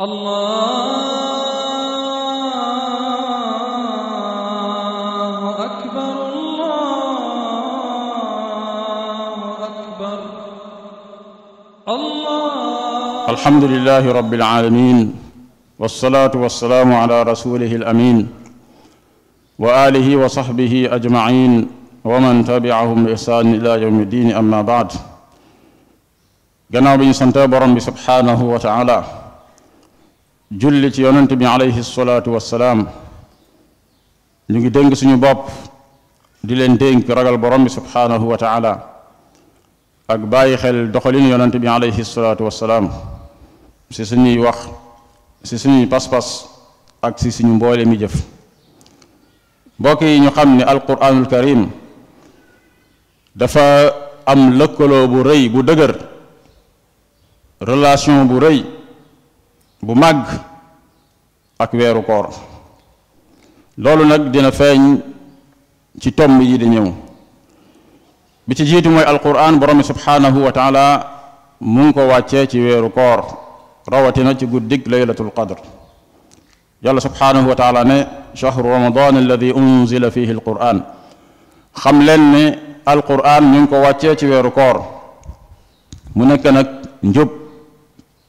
الله أكبر الله أكبر الله الحمد لله رب العالمين والصلاة والسلام على رسوله الأمين وآله وصحبه أجمعين ومن تبعهم بإحسان إلى يوم الدين أما بعد جناب سنتابرا سبحانه وتعالى julli ci yonent bi alayhi salaatu wassalaam ñu ngi dénk suñu bopp di leen dénk ragal borom bi subhaanahu wa taala ak bàyyi xel doxalin yonent bi alayhi salaatu wassalaam si suñuy wax si suñuy pas-pas ak si suñu mboole mi jëf mbokk yi ñu xam alquranul karim dafa am lëkkaloo bu rëy bu dëgër relation bu rëy bu màgg ak wéru koor loolu nag dina feeñ ci tomb yi di ñëw bi ci jiitu mooy alquran borom subhanahu wa taala mu ngi ko wàccee ci weeru koor rawatina ci guddig laylatul qadr yàlla subhanahu wa taala ne shahru ramadan alladi unzila fihi alquran xam leen ne alquran ñu ngi ko wàccee ci weeru koor mu nekk nag njub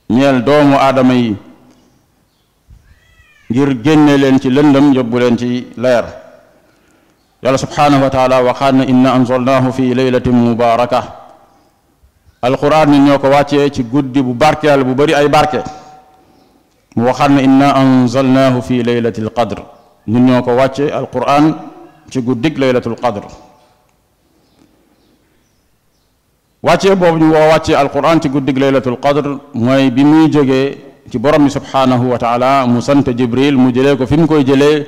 ñeel doomu aadama yi ngir génne leen ci lëndëm yóbbu leen ci leer yàlla subhanahu wa taala waxaat na inna anzalnahu fi laylatin mubaraka alquran ñun ñoo ko wàccee ci guddi bu barkeel bu bari ay barke mu waxaat na inna anzalnahu fi laylatil qadr ñun ñoo ko wàccee alquran ci guddig laylatul qadr wàccee boobu ñu woo wàcce alquran ci guddig laylatul qadr mooy bi muy jógee ci borom bi subhanahu wa taala mu sant jibril mu jele ko fim koy jele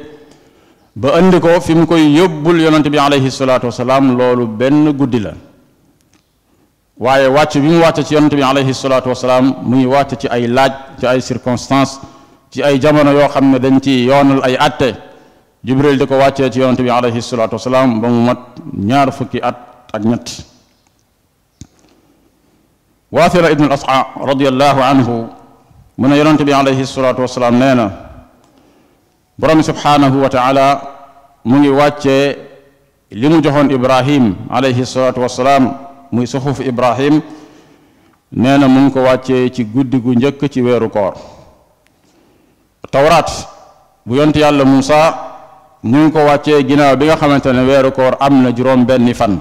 ba andi ko fim koy yobul yonante bi alayhi salatu wasalaam loolu benn guddi la waaye wàcc bi mu wàcc ci yonante bi alayhi salaatu wasalaam muy wàcc ci ay laaj ci ay circonstance ci ay jamono yo xamne dañ ci yonal ay atte jibril diko wacc ci yonante bi alayhi salaatu wasalaam ba mu mat ñaar fukki at ak ñet واثر ابن الأصعى رضي الله عنه mu ne yonent bi alayhi salaatu wasalaam nee na borom subhaanahu wa taala mu ngi wàccee li mu joxoon ibrahim alayhi salaatu muy suxuf ibrahim nee na mu ngi ko wàccee ci guddi gu njëkk ci weeru koor tawraat bu yont yàlla muusa ñu ngi ko wàccee ginnaaw bi nga xamante ne weeru koor am na juróom benni fan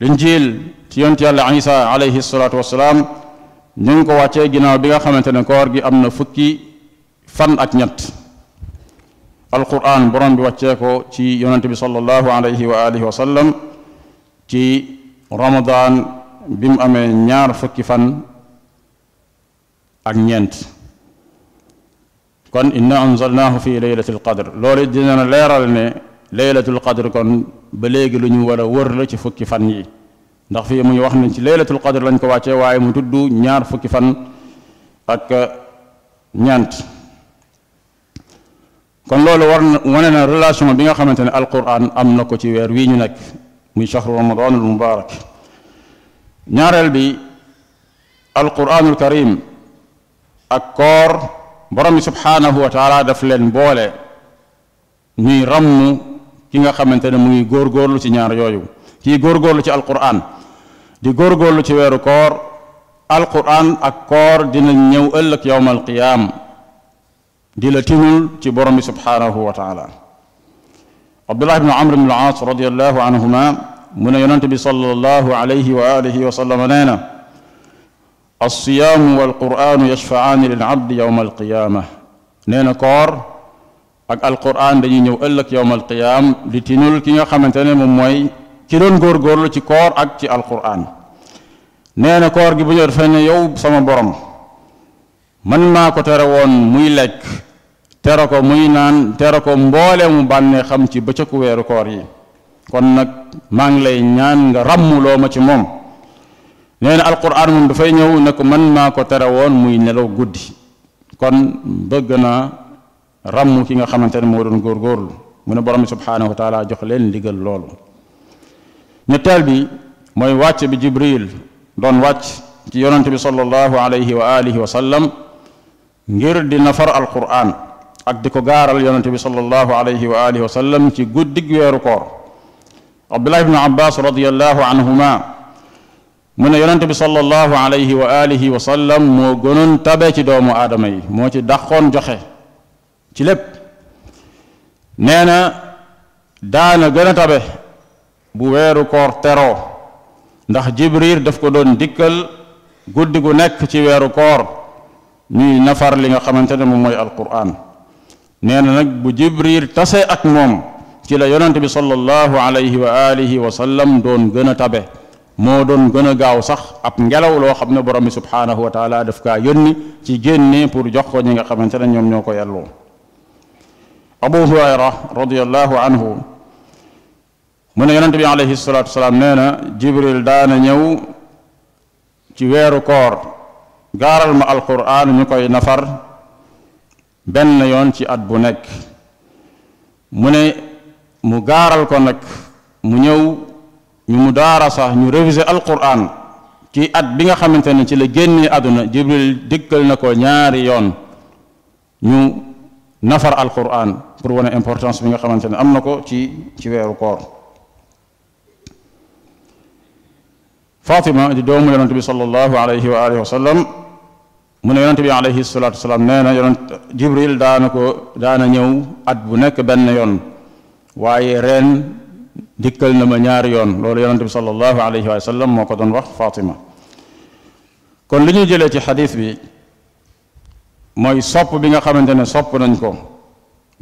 linjiil ci yont yàlla isa alayhi salaatu wasalaam ñu ko wacce ginaaw bi nga xamantene ne koor gi amna fukki fan ak ñett alquran borom bi wacce ko ci yonnati bi sallallahu alayhi wa alihi wa sallam ci ramadan bim amé ñaar fukki fan ak ñent kon inna anzalnahu fi laylatil qadr lolé dina leral ne laylatul qadr kon ba légui luñu wara wër la ci fukki fan yi ndax fii muy wax ne ci laylatul qadr lañ ko wàccee waaye mu tudd ñaar fukki fan ak ñeent kon loolu war na wane na relation bi nga xamante ne alquran am na ko ci weer wii ñu nekk muy shahru ramadanul mubaarak ñaareel bi alquranul karim ak koor borom bi subhaanahu wa taala daf leen boole ñuy ràmm ki nga xamante ne mu ngi góorgóorlu ci ñaar yooyu kii góorgóorlu ci alquran di góorgóorlu ci wéru koor alquran ak koor dina ñëw ëllëg yowmal qiyam di la tinul ci borom bi subhanahu wa taala abdullah ibn amr ibn al-aas radiyallahu anhuma mu ne yonente bi sallallahu alayhi wa alihi wa sallama nee na alsiyaamu walquranu yashfaani lil abdi yowma alqiyaama nee na koor ak alquran dañuy ñëw ëllëg yowma alqiyaam di tinul ki nga xamante ne moom mooy ki doon góorgóorlu ci koor ak ci alquran nee na koor gi bu ñëw dafay ne yow sama borom man maa ko tere woon muy lekk tere ko muy naan tere ko mboolee mu bànnee xam ci bëccëgu weeru koor yi kon nag maa ngi lay ñaan nga ràmmuloo ma ci moom nee na alquran moom dafay ñëw ne man maa ko tere woon muy nelaw guddi kon bëgg naa ràmm ki nga xamante ne moo doon góorgóorlu mu ne borom bi subhaanahu wa taala jox leen ndigal loolu ñetteel bi mooy wàcc bi jibril doon wàcc ci yonante bi sallallahu alayhi wa alihi wa sallam ngir di nafar alquran ak di ko gaaral yonante bi sallallahu alayhi wa alihi wa sallam ci guddig weeru koor abdullah ibn abbas radiallahu anhuma mu ne yonente bi sallallahu alayhi wa alihi wa sallam moo gënoon tabe ci doomu aadama yi moo ci dàqoon joxe ci lépp nee na daana gën ndax jibril daf ko doon dikkal guddi gu nekk ci weeru koor ñuy nafar li nga xamantene mom moy alquran neena nak bu jibril tasse ak mom ci la yonent bi sallallahu alayhi wa alihi wa sallam doon gëna tabe mo doon gëna gaaw sax ab ngelaw lo xamne borom subhanahu wa taala daf ka yónni ci génne pour jox ko ñi nga xamantene ñom ñoko ñoo abu hurayra radiyallahu anhu mu ne yonent bi alayhi salaatu wasalaam nee na jibril daana ñëw ci weeru koor gaaral ma alquran ñu koy nafar benn yoon ci at bu nekk mu ne mu gaaral ko nag mu ñëw ñu mu daara sax ñu réviser alquran ci at bi nga xamante ne ci la génnee àdduna jibril dikkal na ko ñaari yoon ñu nafar alquran pour wane importance bi nga xamante ne am na ko ci ci weeru koor فاطمه دي دوم يونت بي صلى الله عليه واله وسلم من يونت بي عليه الصلاه والسلام نانا يونت جبريل دانكو دانا نيو اد بن يون واي رين نما ñaar يون لول بي صلى الله عليه وسلم مكو دون فاطمه كون لي نيو جيلي حديث بي موي سوب بيغا خامتاني سوب نانكو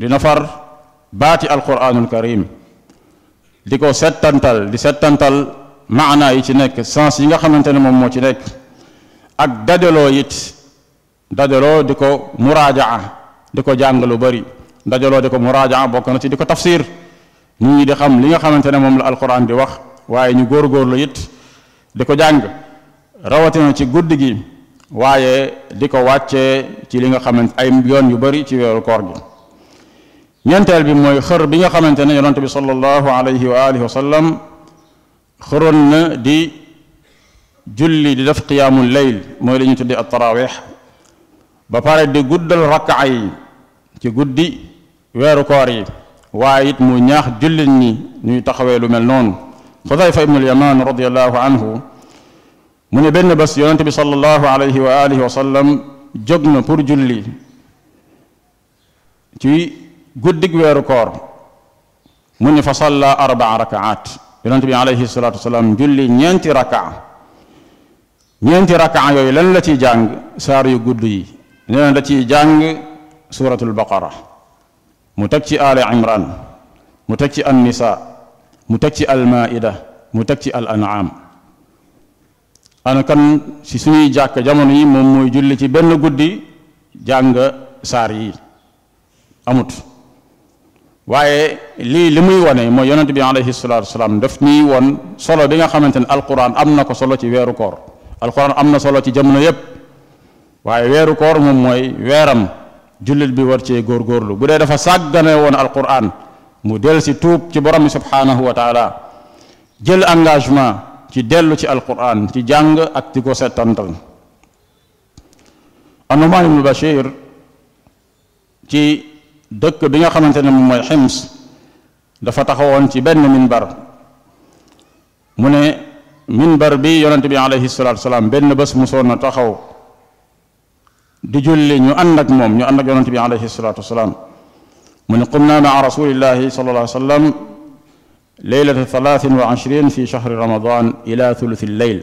دي نفر باتي القران الكريم ديكو ستانتال دي maanaa yi ci nekk sens yi nga xamante ne moom moo ci nekk ak dajaloo it dajaloo di ko muraajaa di ko jàng lu bari dajaloo di ko muraajaa bokk na ci di ko tafsir nit ñi di xam li nga xamante ne moom la alquran di wax waaye ñu góorgóorlu it di ko jàng rawatina ci guddi gi waaye di ko wàccee ci li nga xamante ay yoon yu bari ci weeru koor gi ñeenteel bi mooy xër bi nga xamante ne yonente bi sallallahu alayhi wa alihi wa sallam xoroon na di julli di def qiyaamul layl mooy li ñu tuddee ak taraaweex ba pare di guddal rakkaa yi ci guddi weeru koor yi waaye it mu ñaax jullit ñi ñuy taxawee lu mel noonu xudayfa ibnul yamaan radiallahu anhu mu ne benn bés yonente bi salallahu alayhi wa alihi wa sallam jóg na pour julli ci guddig weeru koor mu ne fa salla arbaa rakaat yonent bi alayhi salaatu wasalaam julli ñeenti rakaa ñeenti rakaa yooyu lan la ciy jàng saar yu gudd yi leneen la ciy jàng suuratul baqara mu teg ci aali imran mu teg ci annisa mu teg ci almaida mu teg ci al anam ana si suñuy jàkk jamono yi moom mooy julli ci benn guddi jàng saar yi amut waye li limuy woné mo yonente bi alayhi salatu wassalam daf ni won solo bi nga xamante alquran amna ko solo ci wéru koor alquran amna solo ci jamono yépp waye wéru koor mom moy wéram julit bi war cee gor bu budé dafa sagane won alquran mu del ci tuub ci borom subhanahu wa taala jël engagement ci delu ci alquran ci jàng ak ci ko setantal anuma ibn bashir ci دك بيغا خامتاني موم موي خيمس دا فا تاخاوون سي بن منبر موني منبر بي يونت بي عليه الصلاه والسلام بن بس مسونا تاخاو دي جولي ني اندك موم ني اندك يونت بي عليه الصلاه والسلام من قمنا مع رسول الله صلى الله عليه وسلم ليلة ثلاث وعشرين في شهر رمضان إلى ثلث الليل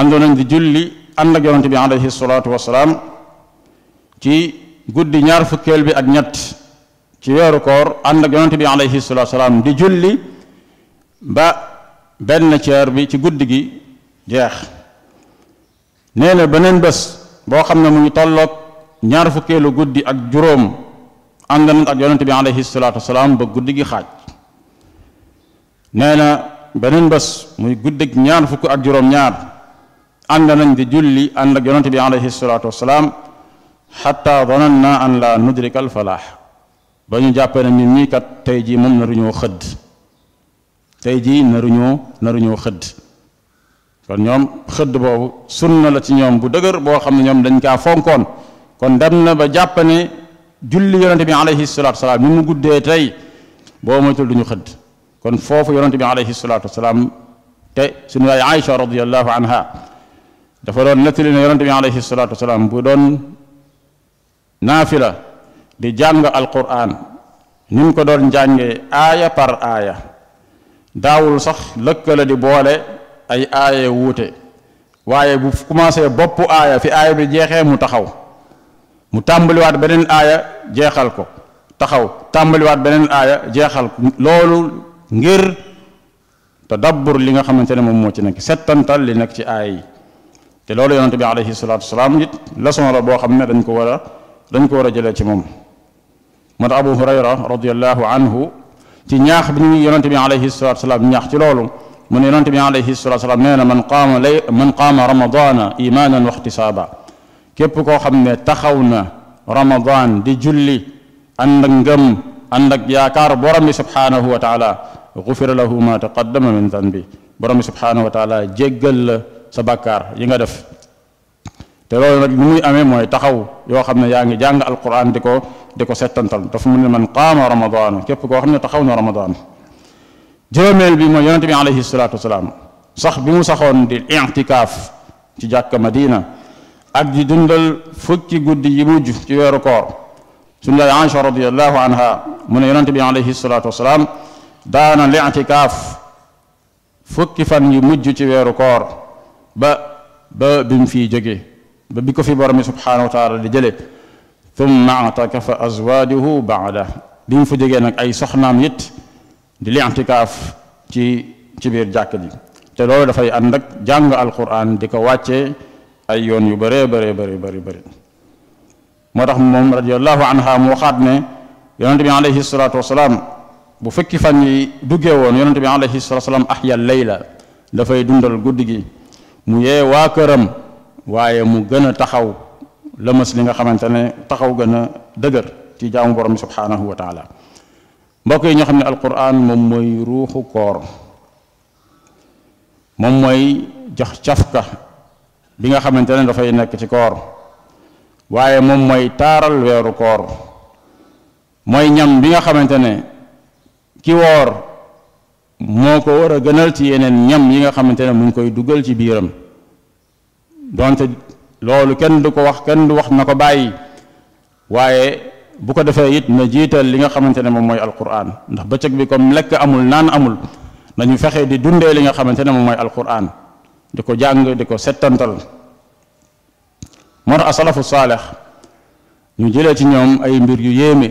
عندنا دي جولي أنك يونت بي عليه الصلاة والسلام تي guddi ñaar fukkeel bi ak ñatt ci wéru koor ànd ak yonente bi alayhi salatu wassalam di julli ba benn ceer bi ci guddi gi jeex nee na beneen bés boo xam ne mu ngi tolloog ñaar fukkeelu guddi ak juróom ànd na ak yonente bi alayhi salatu wassalam ba guddi gi xaaj nee na beneen bés muy guddig ñaar fukk ak juróom ñaar ànd nañ di julli ànd ak yonente bi alayhi salatu wassalam حتى ظننا ان لا ندرك الفلاح با ني جابنا ني مي كات تاي جي موم نارو ньо خد تاي جي نارو ньо نارو ньо خد كون ньоم خد بوبو سنن لا تي ньоم بو دغور بو خامني ньоم دنج كا فونكون كون دم نا با جابني جولي يونت بي عليه الصلاه والسلام ني مو غودي تاي بو مو تول دي خد كون فوفو يونت بي عليه الصلاه والسلام تاي سنن عائشه رضي الله عنها دا فا دون نتلي يونت بي عليه الصلاه والسلام بو دون nafila di jàng alquran nim ko don jàngee aya par aya dawul sax lëkkale di bolé ay wute, wuté waye bu commencé bop aya fi aya bi jexé mu taxaw mu wat benen aya jexal ko taxaw tàmbaliwaat beneen ko lolu ngir tadabbur li nga xamantene mom mo ci nek setantal li nek ci aya yi te lolu yonente bi alayhi salatu wassalam nit la bo dañ ko wara dañ ko war a jëlee ci moom moo tax abu hurayra radiallahu anhu ci ñaax bi ñu yonente bi alayhi salatu salaam ñaax ci loolu mu ne yonente bi alayhi salatu salaam nee na man qaama lay man qaama ramadana imanan wa ihtisaaba képp koo xam ne taxaw na ramadan di julli ànd ak ngëm ànd ak yaakaar borom bi subhanahu wa taala gufira lahu ma taqaddama min danbi borom bi subhanahu wa taala jéggal la sa bàkkaar yi nga def te loolu nak ni muy amee mooy taxaw yo xamné ne yaa jàng alquran diko diko setantal ko dafa mu man qama ramadan kep ko xamné taxaw na ramadan jëmel bi mo yonente bi alayhi salatu wasalaam sax bi mu saxon di i'tikaf ci jàkka madina ak di dundal fukki guddi yi mujj ci wéru koor sunna aisha radiyallahu anha mo ne bi alayhi salatu wasalaam daana l'intikaaf fukki fan yi mujj ci wéru koor ba ba bim fi jëgé ba bi ko fi borom bi subhaanahu wa taala di jëlee thumma atakafa azwaajuhu baada bi mu fa jógee nag ay soxnaam it di li antikaaf ci ci biir jàkk ji te loolu dafay ànd ak jàng alquran di ko wàccee ay yoon yu bëree bëree bëri bëri bëri moo tax moom radiallahu anha mu waxaat ne yonente bi alayhi salatu wasalaam bu fekki fan yi duggee woon yonente bi alayhi salatu wasalaam ahya leyla dafay dundal guddi gi mu yee waa këram waye mu gëna taxaw lëmas li nga xamantene taxaw gëna a ci jaamu borom subhanahu wa taala mbokk yi ñu xamni alquran mom moy ruuhu koor mom moy jox cafka bi nga xamantene da fay nekk ci koor waye mom moy taral wëru koor moy ñam bi nga xamantene ki wor moko wara gënal ci yenen ñam yi nga xamantene mu ngi koy dugal ci biiram donte lolou kenn du ko wax kenn du wax nako ko bàyyi waaye bu ko defee it na jital li nga xamantene mom moy alquran ndax bëccëg bi comme lek amul nan amul nañu fexe di dundé li nga xamantene mom moy alquran diko jàng diko setantal settantal asalafu salih ñu jëlé ci ñom ay mbir yu yéme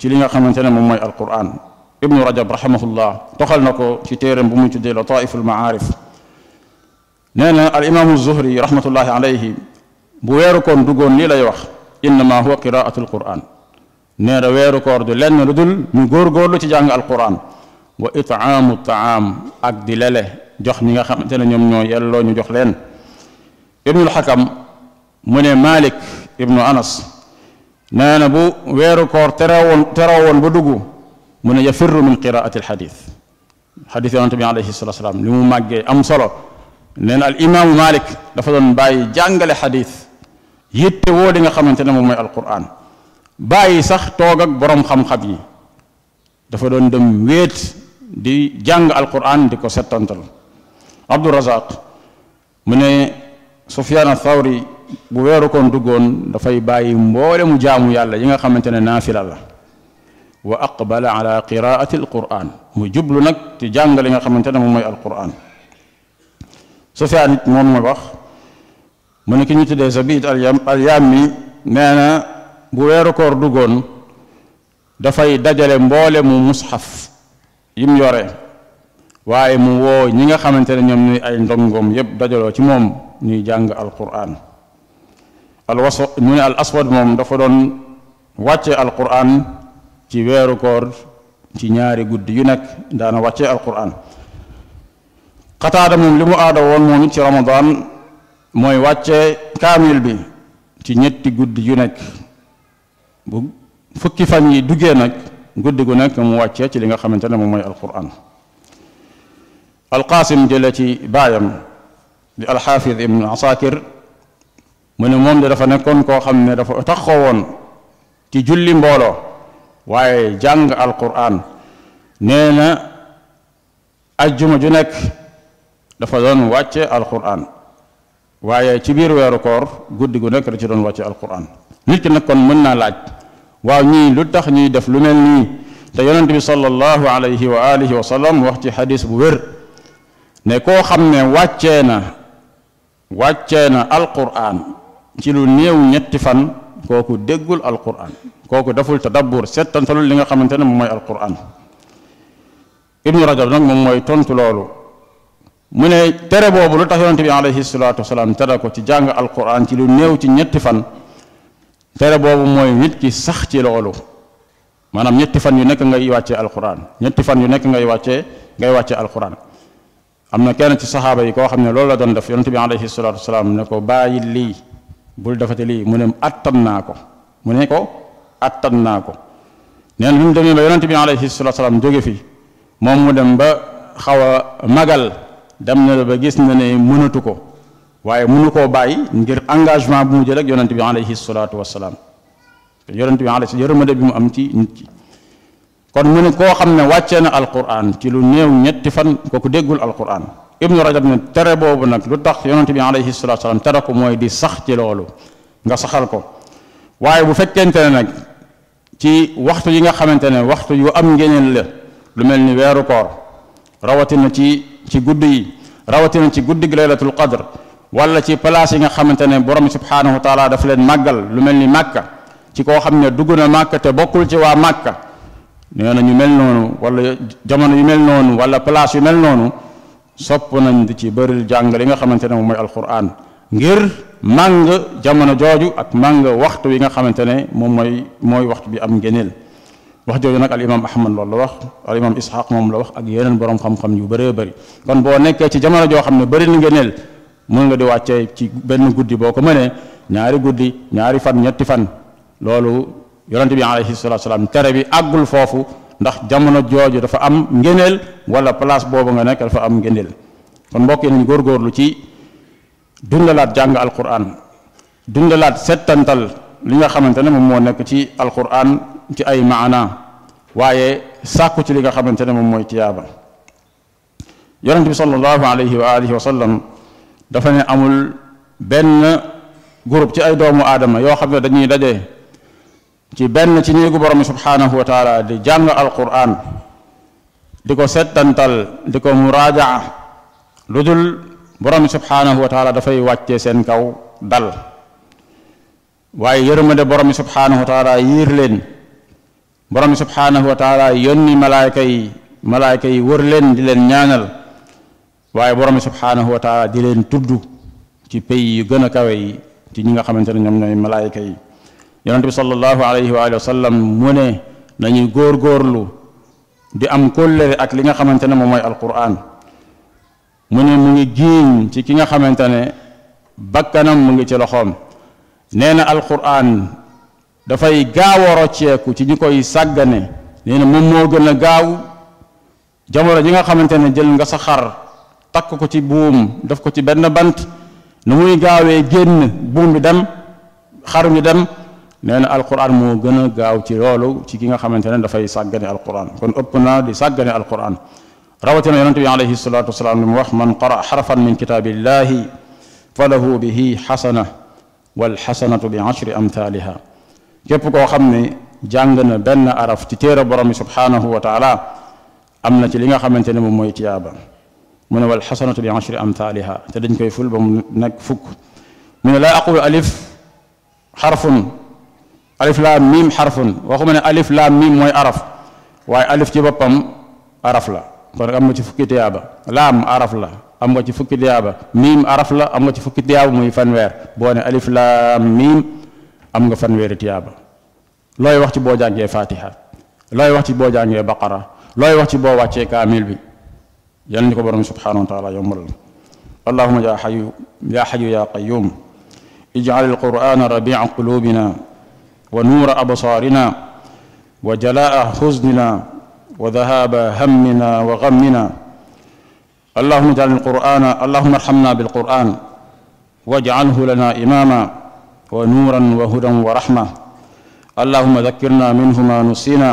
ci li nga xamantene mom moy alquran ibnu rajab rahimahullah tokal nako ci téréem bu mu muy tuddee taiful maarif نانا الإمام الزهري رحمة الله عليه بويركون دوغون نيلا يوخ إنما هو قراءة القرآن نانا ويركور دو لن ردل نغور غورلو تجانج القرآن وإطعام الطعام أكدل له جوخ ميغا خمتنا نيوم نيو يلو نيو جوخ لين ابن الحكم من مالك ابن أنس نانا بو ويركور تراون تراون بدوغو من يفر من قراءة الحديث حديث النبي عليه الصلاة والسلام لمو ماجي أم صلو nee na al imaamu malik dafa doon bàyyi jàngale xadis yitte woo li nga xamante ne moom mooy alquran bàyyi sax toog ak boroom xam-xam yi dafa doon dem wéet di jàng alquran di ko settantal abdurazaq mu ne sufyaan thawri bu weeru koon duggoon dafay bàyyi mboole mu jaamu yàlla yi nga xamante ne naafila la wa aqbala ala qiraati alquran mu jublu nag di jàng li nga xamante ne moom mooy alquran sofiane mom moy wax mu ne ki ñu tuddee zabid al yammi nee na bu weeru koor da fay dajalé mbolé mu mushaf yim yore waye mu wo ñi nga xamante ñom ñuy ay ngom yépp dajalo ci mom ñuy al alquran al waso ñu al aswad moom dafa doon al alquran ci weeru koor ci ñaari gudd yu nekk daana al alquran xataada moom li mu aada woon moom it ci ramadan mooy wàcce kaamil bi ci ñetti guddi yu nekk bu fukki fan yi duggee nag guddi gu nekk mu wàccee ci li nga xamante ne moom mooy alquran alqaasim jële ci baayam di alxaafid ibnu asakir mu ne moom de dafa nekkoon koo xam ne dafa taxoo woon ci julli mbooloo waaye jàng alquran nee na ajjuma ju nekk dafa doon wàcce alquran waaye ci biir weeru koor guddi gu nekk ci doon wàcce alquran nit ki nag kon mën naa laaj waaw ñii lu tax ñuy def lu mel nii te yonent bi sallallahu alayhi wa alihi wa sallam wax ci hadith bu wér ne koo xam ne na wàccee na alquran ci lu néew ñetti fan kooku déggul alquran kooku deful tadabbur settantalul li nga xamante ne moom mooy alquran ibnu rajab nag moom mooy tontu loolu mune tere bobu lu tax yonente bi alayhi salatu wasalam tere ko ci jàng alquran ci lu new ci ñetti fan tere bobu moy nit ki sax ci lolu manam ñetti fan yu nek nga yi wacce alquran ñetti fan yu nek nekk ngay wàccee ngay wacce alquran amna kene ci sahaba yi ko xamne lolu la don def yonente bi alayhi salatu wasalam ne ko bàyyi li bul defate li mune ne attan naa ko mu ne ko attan ko neen bi demé ba yonente bi alayhi salatu wasalam jóge fi mom mu dem ba xawa magal dem na ba gis na ne mënatu ko waaye mënu koo bàyyi ngir engagement bu mu jël ak yonent bi alayhi salaatu wasalaam yonent bi alayhi yërmande bi mu am ci nit kon mu ne koo xam ne wàccee na alquran ci lu néew ñetti fan ko ko déggul alquran ibnu rajab na tere boobu nag lu tax yonent bi alayhi salaatu wasalaam tere ko mooy di sax ci loolu nga saxal ko waaye bu fekkente ne nag ci waxtu yi nga xamante ne waxtu yu am ngéneel la lu mel ni weeru koor rawatina ci ci gudd yi rawatina ci guddi gi laylatul qadr wala ci place yi nga xamante borom subhanahu wa taala daf leen màggal lu mel ni màkka ci koo xam ne dugg na màkka te bokkul ci waa màkka nee na ñu mel noonu wala jamono yu mel wala place yu mel nañ di ci bëril jàng li nga xamante ne alquran ngir màng jamono jooju ak màng waxtu wi nga xamante ne waktu mooy waxtu bi am wax jojo nak al imam ahmad loolu wax al imam ishaq mom la wax ak yenen borom xam-xam yu bëree bëri kon bo nekké ci jamono jo xamné ne ni na ngëneel mën nga di wacce ci benn guddii boko ko ñaari guddii ñaari fan ñetti fan lolou yaronte bi alayhi salatu wassalam tere bi agul fofu ndax jamono jojo dafa am ngeenel wala place bobu nga nek dafa am ngeenel kon mbokk yi gor lu ci dundalat jang alquran dundalat setantal li nga xamantene mom mo nek ci alquran ci ay maana waaye sàkku ci li nga xamante ne moom mooy tiyaaba yonent bi sallallahu alayhi wa alihi wa sallam dafa ne amul benn groupe ci ay doomu aadama yoo xam ne dañuy daje ci benn ci néegu borom subhanahu wa taala di jàng alquran di ko settantal di ko muraajaa lu dul borom subhanahu wa taala dafay wàcce seen kaw dal waaye yërmande borom subhanahu wa taala yiir leen borom bi subhaanahu wa taala yónni malaayka yi malaayka yi wër leen di leen ñaanal waaye borom bi subhaanahu wa taala di leen tudd ci pays yu gën a kawe yi ci ñi nga xamante ne ñoom ñooy malaayka yi yonente bi sallallahu alayhi wa sallam mu ne nañuy góor-góorlu di am kóllëre ak li nga xamante ne moom mooy alquran mu ne mu ngi giiñ ci ki nga xamante ne bakkanam mu ngi ci loxoom nee dafay gaaw a rocceeku ci ñi koy sàggane nee na moom moo gën a gaaw jamono ji nga xamante ne jël nga sa xar takk ko ci buum def ko ci benn bant nu muy gaawee génn buum bi dem xar mi dem nee na alquran moo gën a gaaw ci loolu ci ki nga xamante ne dafay sàggane alquran kon ëpp naa di sàggane alquran rawatina yonente bi alayhi salatu wasalaam li mu wax man qara xarfan min kitaabillahi falahu bihi xasana walxasanatu bi ashri amthaliha كيف كو خامني جانغنا بن عرف تي تير بروم سبحانه وتعالى امنا تي ليغا خامتيني موم موي تيابا من والحسنة بعشر أمثالها تدين كي فل نك فك من لا أقول ألف حرف ألف لا ميم حرف وخو من ألف لا ميم موي عرف واي ألف تي بابام عرف لا كون أم تي فك تيابا لام عرف لا أم تي فك تيابا ميم عرف لا أم تي فك تيابا موي فان وير بون ألف am nga fan fanweeri tiyaba looy wax ci boo jàngee fatiha looy wax ci boo jàngee baqara looy wax ci boo wàccee kamil bi yal ni ko borom subhanahu wa taala yomul allahuma ya xayu ya xayu ya qayum اجعل القرآن ربيع قلوبنا ونور أبصارنا وجلاء حزننا وذهاب همنا وغمنا اللهم اجعل القرآن اللهم ارحمنا بالقرآن واجعله لنا إماما ونورا وهدى ورحمة اللهم ذكرنا منه ما نسينا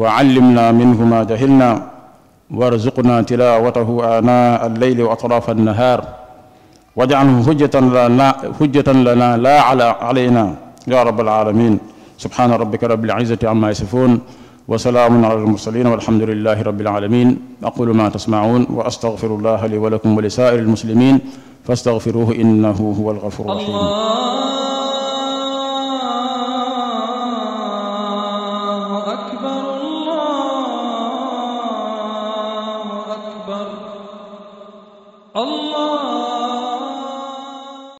وعلمنا منه ما جهلنا وارزقنا تلاوته آناء الليل وأطراف النهار واجعله حجة لنا, حجة لنا لا على علينا يا رب العالمين سبحان ربك رب العزة عما يصفون وسلام على المرسلين والحمد لله رب العالمين أقول ما تسمعون وأستغفر الله لي ولكم ولسائر المسلمين فاستغفروه إنه هو الغفور الرحيم